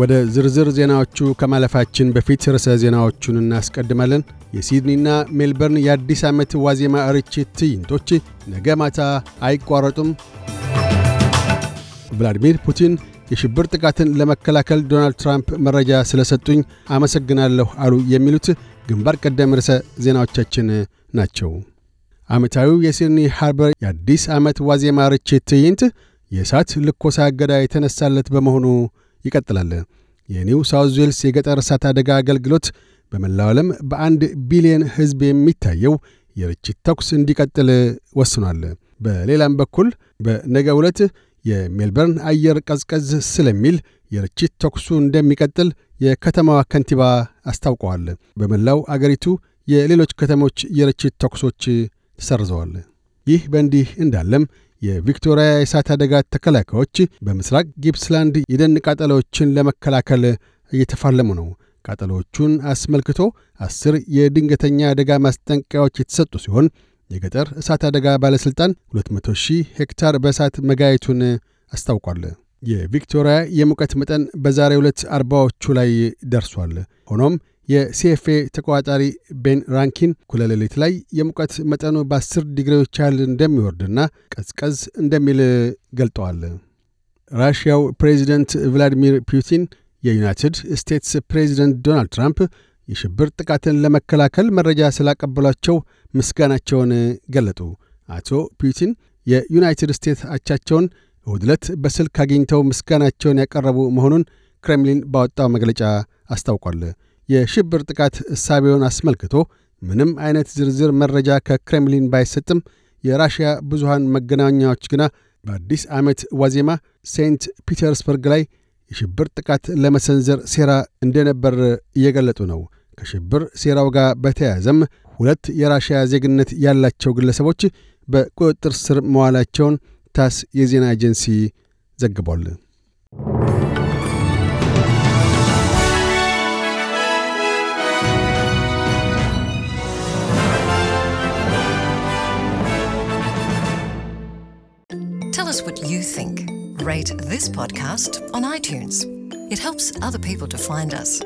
ወደ ዝርዝር ዜናዎቹ ከማለፋችን በፊት ርዕሰ ዜናዎቹን እናስቀድማለን። የሲድኒና ሜልበርን የአዲስ ዓመት ዋዜማ ርችት ትዕይንቶች ነገ ማታ አይቋረጡም። ቭላዲሚር ፑቲን የሽብር ጥቃትን ለመከላከል ዶናልድ ትራምፕ መረጃ ስለሰጡኝ አመሰግናለሁ አሉ። የሚሉት ግንባር ቀደም ርዕሰ ዜናዎቻችን ናቸው። ዓመታዊው የሲድኒ ሃርበር የአዲስ ዓመት ዋዜማ ርችት ትዕይንት የእሳት ልኮሳ እገዳ የተነሳለት በመሆኑ ይቀጥላል። የኒው ሳውዝ ዌልስ የገጠር እሳት አደጋ አገልግሎት በመላው ዓለም በአንድ ቢሊየን ሕዝብ የሚታየው የርችት ተኩስ እንዲቀጥል ወስኗል። በሌላም በኩል በነገ ዕለት የሜልበርን አየር ቀዝቀዝ ስለሚል የርችት ተኩሱ እንደሚቀጥል የከተማዋ ከንቲባ አስታውቀዋል። በመላው አገሪቱ የሌሎች ከተሞች የርችት ተኩሶች ተሰርዘዋል። ይህ በእንዲህ እንዳለም የቪክቶሪያ የእሳት አደጋ ተከላካዮች በምስራቅ ጊፕስላንድ የደን ቃጠሎዎችን ለመከላከል እየተፋለሙ ነው። ቃጠሎዎቹን አስመልክቶ አስር የድንገተኛ አደጋ ማስጠንቀቂያዎች የተሰጡ ሲሆን የገጠር እሳት አደጋ ባለሥልጣን 200 ሺህ ሄክታር በእሳት መጋየቱን አስታውቋል። የቪክቶሪያ የሙቀት መጠን በዛሬ ሁለት አርባዎቹ ላይ ደርሷል። ሆኖም የሲኤፍኤ ተቆጣጣሪ ቤን ራንኪን ኩለሌሊት ላይ የሙቀት መጠኑ በአስር ዲግሪዎች ያህል እንደሚወርድና ቀዝቀዝ እንደሚል ገልጠዋል። ራሽያው ፕሬዚደንት ቭላዲሚር ፑቲን የዩናይትድ ስቴትስ ፕሬዚደንት ዶናልድ ትራምፕ የሽብር ጥቃትን ለመከላከል መረጃ ስላቀበሏቸው ምስጋናቸውን ገለጡ። አቶ ፑቲን የዩናይትድ ስቴትስ አቻቸውን እሁድ ዕለት በስልክ አግኝተው ምስጋናቸውን ያቀረቡ መሆኑን ክሬምሊን ባወጣው መግለጫ አስታውቋል። የሽብር ጥቃት እሳቤውን አስመልክቶ ምንም አይነት ዝርዝር መረጃ ከክሬምሊን ባይሰጥም የራሽያ ብዙሃን መገናኛዎች ግና በአዲስ ዓመት ዋዜማ ሴንት ፒተርስበርግ ላይ የሽብር ጥቃት ለመሰንዘር ሴራ እንደነበር እየገለጡ ነው። ከሽብር ሴራው ጋር በተያያዘም ሁለት የራሽያ ዜግነት ያላቸው ግለሰቦች በቁጥጥር ስር መዋላቸውን ታስ የዜና ኤጀንሲ ዘግቧል። Tell us what you think. Rate this podcast on iTunes. It helps other people to find us.